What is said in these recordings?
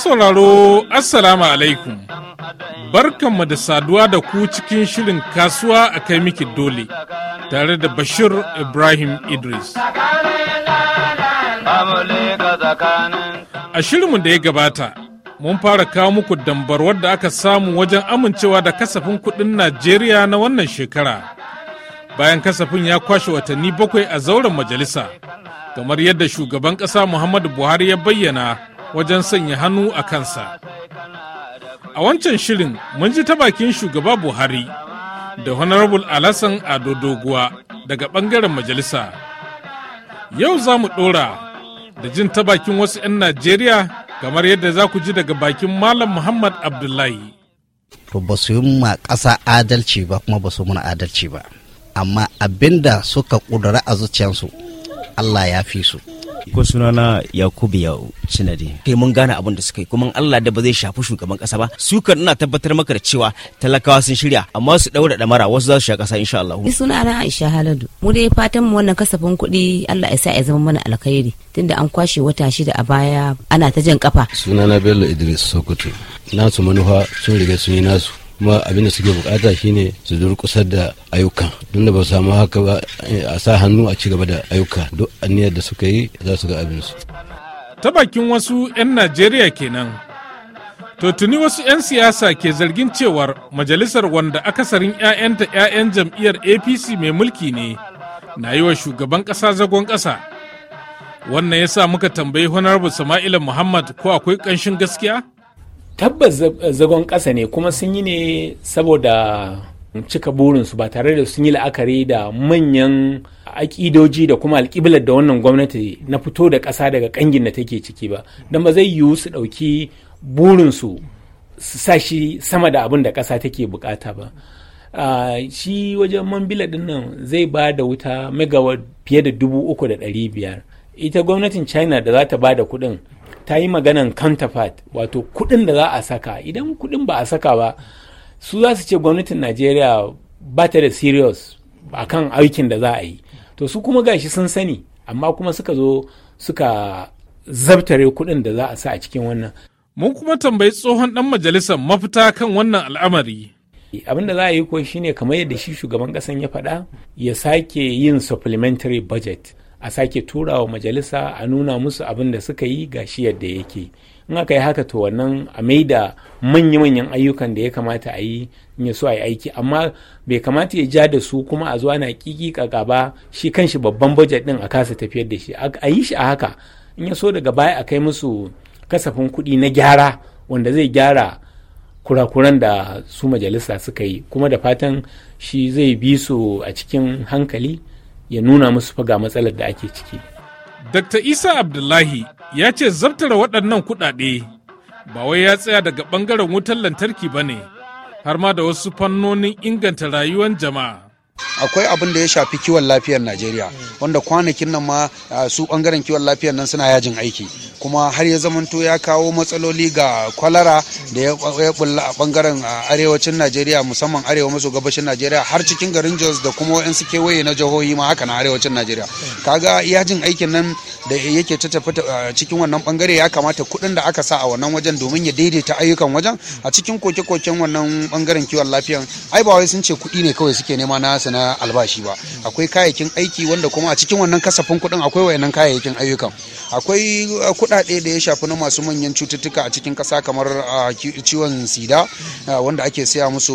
sauraro Assalamu alaikum. Barkanmu da saduwa da ku cikin shirin kasuwa a kai miki dole tare da Bashir Ibrahim Idris. A shirinmu da ya gabata, mun fara kawo muku dambarwar da aka samu wajen amincewa da kasafin kuɗin Najeriya na wannan shekara. Bayan kasafin ya kwashe watanni bakwai a zauren majalisa, kamar yadda shugaban ƙasa Muhammadu Buhari ya bayyana. wajen sanya hannu a kansa. A wancan shirin mun ji ta bakin shugaba Buhari da Honorable Alassan Ado Doguwa daga ɓangaren majalisa. Yau za mu ɗora da jin ta bakin wasu 'yan Najeriya kamar yadda za ku ji daga bakin Malam Muhammad Abdullahi. To ba su yi ma ƙasa adalci ba kuma ba su muna adalci ba, amma abinda suka ƙudura a zuciyarsu Allah ya fi su. ko sunana yakubu ya cinadi kai mun gane abin da suka yi kuma allah da ba zai shafi shugaban kasa ba su kan ina tabbatar maka da cewa talakawa sun shirya amma su daura damara wasu za su sha kasa insha allah ni suna na aisha haladu mu dai fatan mu wannan kasafin kuɗi allah ya sa ya zama mana alkhairi tunda an kwashe wata shida a baya ana ta jan kafa sunana bello idris sokoto nasu manufa sun riga sun yi nasu kuma abin da suke bukata shine su durkusar da ayyuka don da ba samu haka ba eh, a sa hannu a ci da ayyuka duk aniyar da suka yi za su ga abin su ta bakin wasu 'yan najeriya kenan to tuni wasu 'yan siyasa ke zargin cewar majalisar wanda akasarin 'ya'yanta 'ya'yan jam'iyyar apc mai mulki ne na yi wa shugaban ƙasa zagon ƙasa wannan ya sa muka tambayi honorable sama'ila muhammad ko akwai ƙanshin gaskiya tabbas eh, zagon ƙasa ne kuma sun yi ne saboda cika burinsu ba tare da sun yi la'akari da manyan aƙidoji da kuma alƙiblar da wannan gwamnati na fito da ƙasa daga ƙangin da take ciki ba don ba zai yiwu su ɗauki burinsu su sa shi sama da abin da ƙasa take bukata ba ah, shi wajen man bila ɗin nan zai ba da wuta megawatt fiye da dubu uku da ɗari biyar ita gwamnatin china da za ta ba da kuɗin ta yi maganan counterpart wato kuɗin da za a saka idan kuɗin ba a saka ba su za su ce gwamnatin najeriya ba ta da serious akan kan aikin da za a yi to su kuma gashi sun sani amma kuma suka zo suka zabtare kuɗin da za a sa a cikin wannan mun kuma tambayi tsohon dan majalisar mafita kan wannan al'amari abin da za a yi ko shine kamar yadda shi shugaban kasan ya faɗa ya sake yin supplementary budget a sake tura wa majalisa a nuna musu abin da suka yi ga shi yadda yake in aka yi haka to wannan a maida manya-manyan ayyukan da ya kamata a yi in ya so a yi aiki amma bai kamata ya ja da su kuma a zuwa na kiki ba shi kanshi babban bajet din a kasa tafiyar da shi a yi shi a haka in ya so daga baya a kai musu kasafin kuɗi na gyara wanda zai gyara kurakuran da su majalisa suka yi kuma da fatan shi zai bi su a cikin hankali ya nuna musu faga ga matsalar da ake ciki. Dr. Isa Abdullahi ya ce zabtara waɗannan kuɗaɗe ba wai ya tsaya daga ɓangaren wutar lantarki ba ne, har ma da wasu fannonin inganta rayuwar jama'a. akwai abin da ya shafi kiwon lafiyar najeriya wanda kwanakin nan ma su ɓangaren kiwon lafiyar nan suna yajin aiki kuma har ya zamanto ya kawo matsaloli ga kwalara da ya bulla a bangaren arewacin najeriya musamman arewa maso gabashin najeriya har cikin garin jos da kuma wa'yansu kewaye na jihohi ma haka na arewacin najeriya kaga yajin aikin nan da yake ta tafi cikin wannan bangare ya kamata kuɗin da aka sa a wannan wajen domin ya daidaita ayyukan wajen a cikin koke-koken wannan bangaren kiwon lafiya, ai ba wai sun ce kuɗi ne kawai suke nema na su na albashi ba akwai kayayyakin aiki wanda kuma a cikin wannan kasafin kuɗin akwai wayannan kayayyakin ayyukan akwai kuɗaɗe da ya shafi na masu manyan cututtuka a cikin ƙasa kamar ciwon sida wanda ake saya musu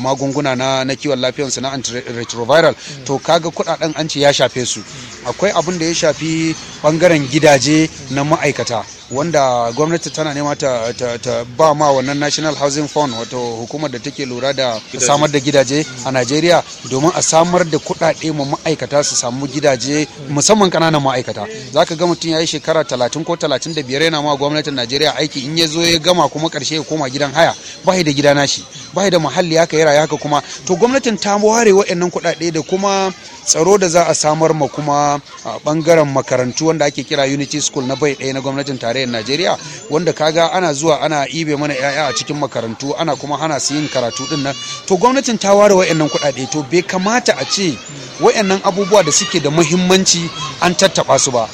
magunguna na kiwon lafiyarsu na antiretroviral to kaga kuɗaɗen an ce ya shafe su akwai abin da ya shafi bangaren gidaje na ma'aikata wanda gwamnati tana nema ta, ta, ba ma wannan national housing fund wato hukumar da take lura da samar da gidaje a hmm. najeriya domin a samar da kuɗaɗe ma ma'aikata su samu gidaje musamman ƙananan ma'aikata hmm. za ka ga mutum ya yi shekara talatin ko talatin da biyar yana ma gwamnatin najeriya aiki in ya zo ya gama kuma karshe ya koma gidan haya ba da gida shi. ba da muhalli haka ya raya kuma to gwamnatin ta ware waɗannan kuɗaɗe da kuma tsaro da za a samar ma kuma bangaren makarantu wanda ake kira unity school na bai ɗaya na gwamnatin tarayyar najeriya wanda kaga ana zuwa ana ibe mana 'ya'ya a cikin makarantu ana kuma hana su yin karatu ɗin nan to gwamnatin ta ware waɗannan kuɗaɗe to bai kamata a ce waɗannan abubuwa da suke da muhimmanci an tattaɓa su ba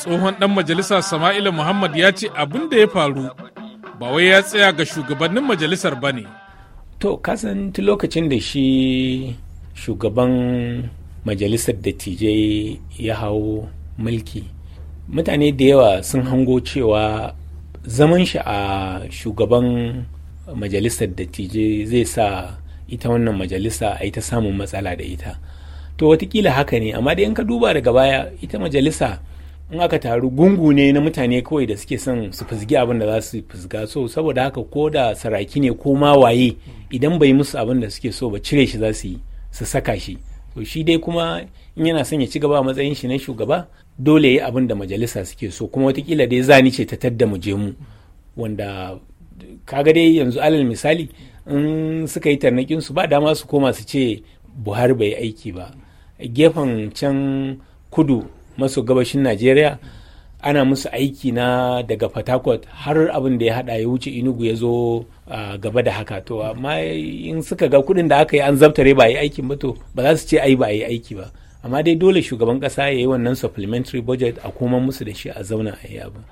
tsohon dan majalisa sama'ila muhammad ya ce abin da ya faru ba wai ya tsaya ga shugabannin majalisar ba ne to kasan tu lokacin da shi shugaban majalisar dattijai ya hau mulki mutane da yawa sun hango cewa zaman shi a shugaban majalisar dattijai zai sa ita wannan majalisa a ita samun matsala da ita to watakila haka ne amma da in ka duba daga baya ita majalisa in aka taru gungu ne na mutane kawai da suke son su fizgi abin da za su fizga so saboda haka ko da saraki ne ko ma waye idan bai musu abin da suke so ba cire shi za su yi su saka shi to shi dai kuma in yana son ya ci gaba matsayin shi na shugaba dole ya yi abin da majalisa suke so kuma watakila dai zani ce ta tadda mu je mu wanda kaga dai yanzu alal misali in suka yi tarnakin su ba dama su koma su ce buhari bai aiki ba gefen can kudu maso gabashin najeriya ana musu aiki na daga fatakwat har abin da ya hada ya wuce inugu ya zo gaba da haka to amma in suka ga kudin da aka yi an zabtare ba yi aikin ba to ba za su ce ai ba yi aiki ba amma dai dole shugaban kasa ya yi wannan supplementary budget a koma musu da shi a zauna a yi abin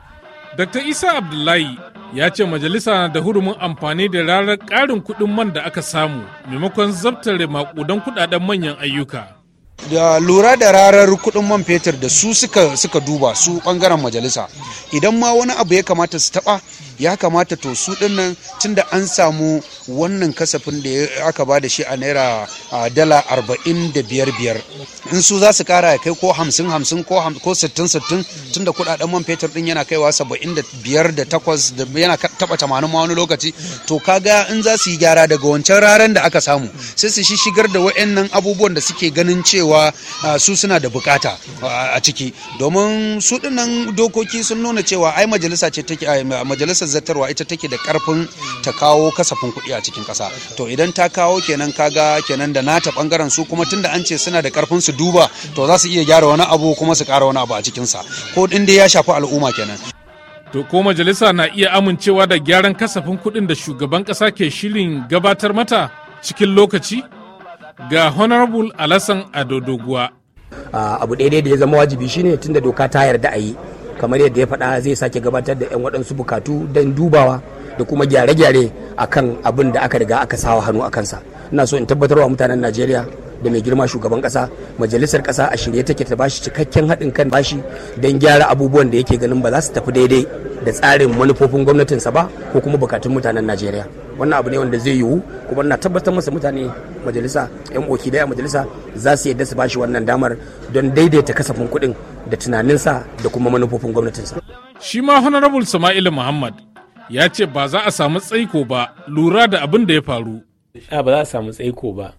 Dr. Isa Abdullahi ya ce majalisa na da hurumin amfani da ranar karin kuɗin man da aka samu maimakon zabtare makudan kudaden manyan ayyuka. da lura da rarar kudin man fetur da su suka duba su bangaren majalisa idan ma wani abu ya kamata su taba ya kamata to su dinnan tunda an samu wannan kasafin da aka ba da shi a naira dala arba'in da biyar biyar in su za su kara ya kai ko hamsin hamsin ko sittin sittin tunda kudaden man fetur din yana kaiwa saba'in da biyar da takwas da yana taba tamanin ma wani lokaci to ka ga in za su yi gyara daga wancan raran da aka samu sai su shi shigar da wa'annan abubuwan da suke ganin cewa su suna da bukata a ciki domin su dinnan dokoki sun nuna cewa ai majalisa ce take majalisa majalisar zartarwa ita take da karfin ta kawo kasafin kuɗi a cikin ƙasa to idan ta kawo kenan kaga kenan da nata bangaren su kuma tunda an ce suna da karfin su duba to za su iya gyara wani abu kuma su ƙara wani abu a cikinsa ko din dai ya shafi al'umma kenan To ko majalisa na iya amincewa da gyaran kasafin kuɗin da shugaban ƙasa ke shirin gabatar mata cikin lokaci? Ga Honorable Alassan Adodoguwa. Uh, ah, abu daidai da ya zama wajibi shine tunda doka ta yarda a yi kamar yadda ya faɗa zai sake gabatar da 'yan waɗansu bukatu don dubawa da kuma gyare-gyare akan abin da aka riga aka sawa hannu a kansa ina so in tabbatarwa mutanen najeriya da mai girma shugaban kasa majalisar kasa a shirye take ta bashi cikakken haɗin kan bashi don gyara abubuwan da yake ganin ba za su tafi daidai da tsarin manufofin gwamnatinsa ba ko kuma bukatun mutanen najeriya wannan abu ne wanda zai yiwu kuma na tabbatar masa mutane majalisa yan wakilai a majalisa za su yadda su bashi wannan damar don daidaita kasafin kuɗin da tunaninsa da kuma manufofin gwamnatinsa shi ma honorable sama'ilu muhammad ya ce ba za a samu tsaiko ba lura da abin da ya faru ba za a samu tsaiko ba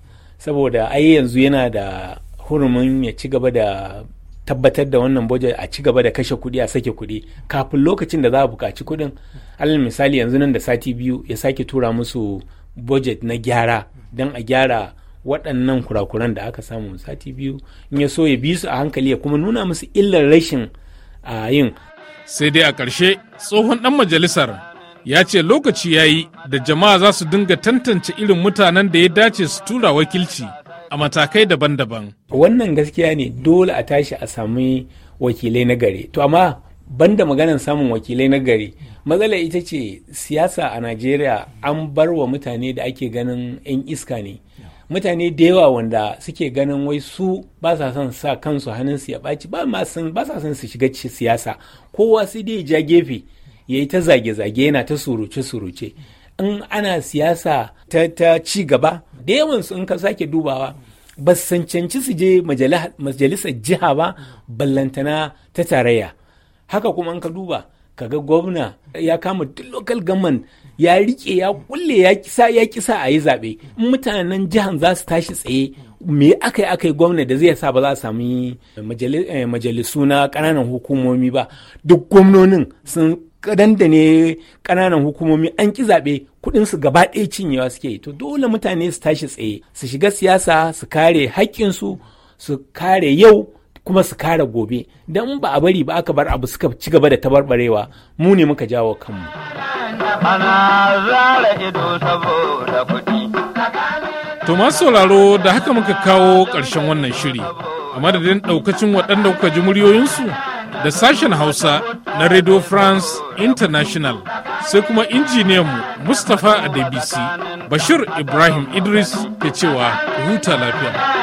saboda ai yanzu yana da hurumin ya ci gaba da tabbatar da wannan budget a ci gaba da kashe kuɗi a sake kuɗi kafin lokacin da za a buƙaci kuɗin alal misali yanzu nan da sati biyu ya sake tura musu budget na gyara don a gyara waɗannan kurakuran da aka samu sati biyu in ya so ya bi su a hankali ya kuma nuna musu illar rashin a yin sai dai a ƙarshe tsohon ɗan majalisar ya ce lokaci ya yi da jama'a za su dinga tantance irin mutanen da ya dace su tura wakilci a matakai daban-daban. Wannan gaskiya ne dole a tashi a sami wakilai na gari. To amma banda maganan samun wakilai na gari, matsala ita ce siyasa a Najeriya an bar wa mutane da ake ganin 'yan iska ne. mutane da yawa wanda suke ganin wai su ba sa son sa kansu hannun su ya ɓaci ba sa son su shiga siyasa kowa sai dai ja gefe ya yi ta zage-zage yana ta suruce-suruce in ana siyasa ta, ci gaba da yawansu in ka sake dubawa ba cancanci su je majalisar jiha ba ballantana ta tarayya haka kuma in ka duba ka ga gwamna ya kama duk local government ya rike ya kulle ya kisa ya kisa a yi zaɓe mutanen jihan za su tashi tsaye me aka yi aka yi gwamna da zai sa ba za a sami eh, majalisu na ƙananan hukumomi ba duk gwamnonin sun kadan da ne kananan hukumomi an ki zaɓe kuɗin su gaba ɗaya cinyewa suke to dole mutane su tashi tsaye su shiga siyasa su kare haƙƙinsu su kare yau kuma su kare gobe don ba a bari ba aka bar abu suka ci gaba da tabarbarewa mu ne muka jawo kanmu. To masu sauraro da haka muka kawo ƙarshen wannan shiri a madadin ɗaukacin waɗanda kuka ji muryoyinsu da sashen Hausa na radio france international sai kuma injiniyanmu mustapha adebisi bashir ibrahim idris ke cewa huta lafiya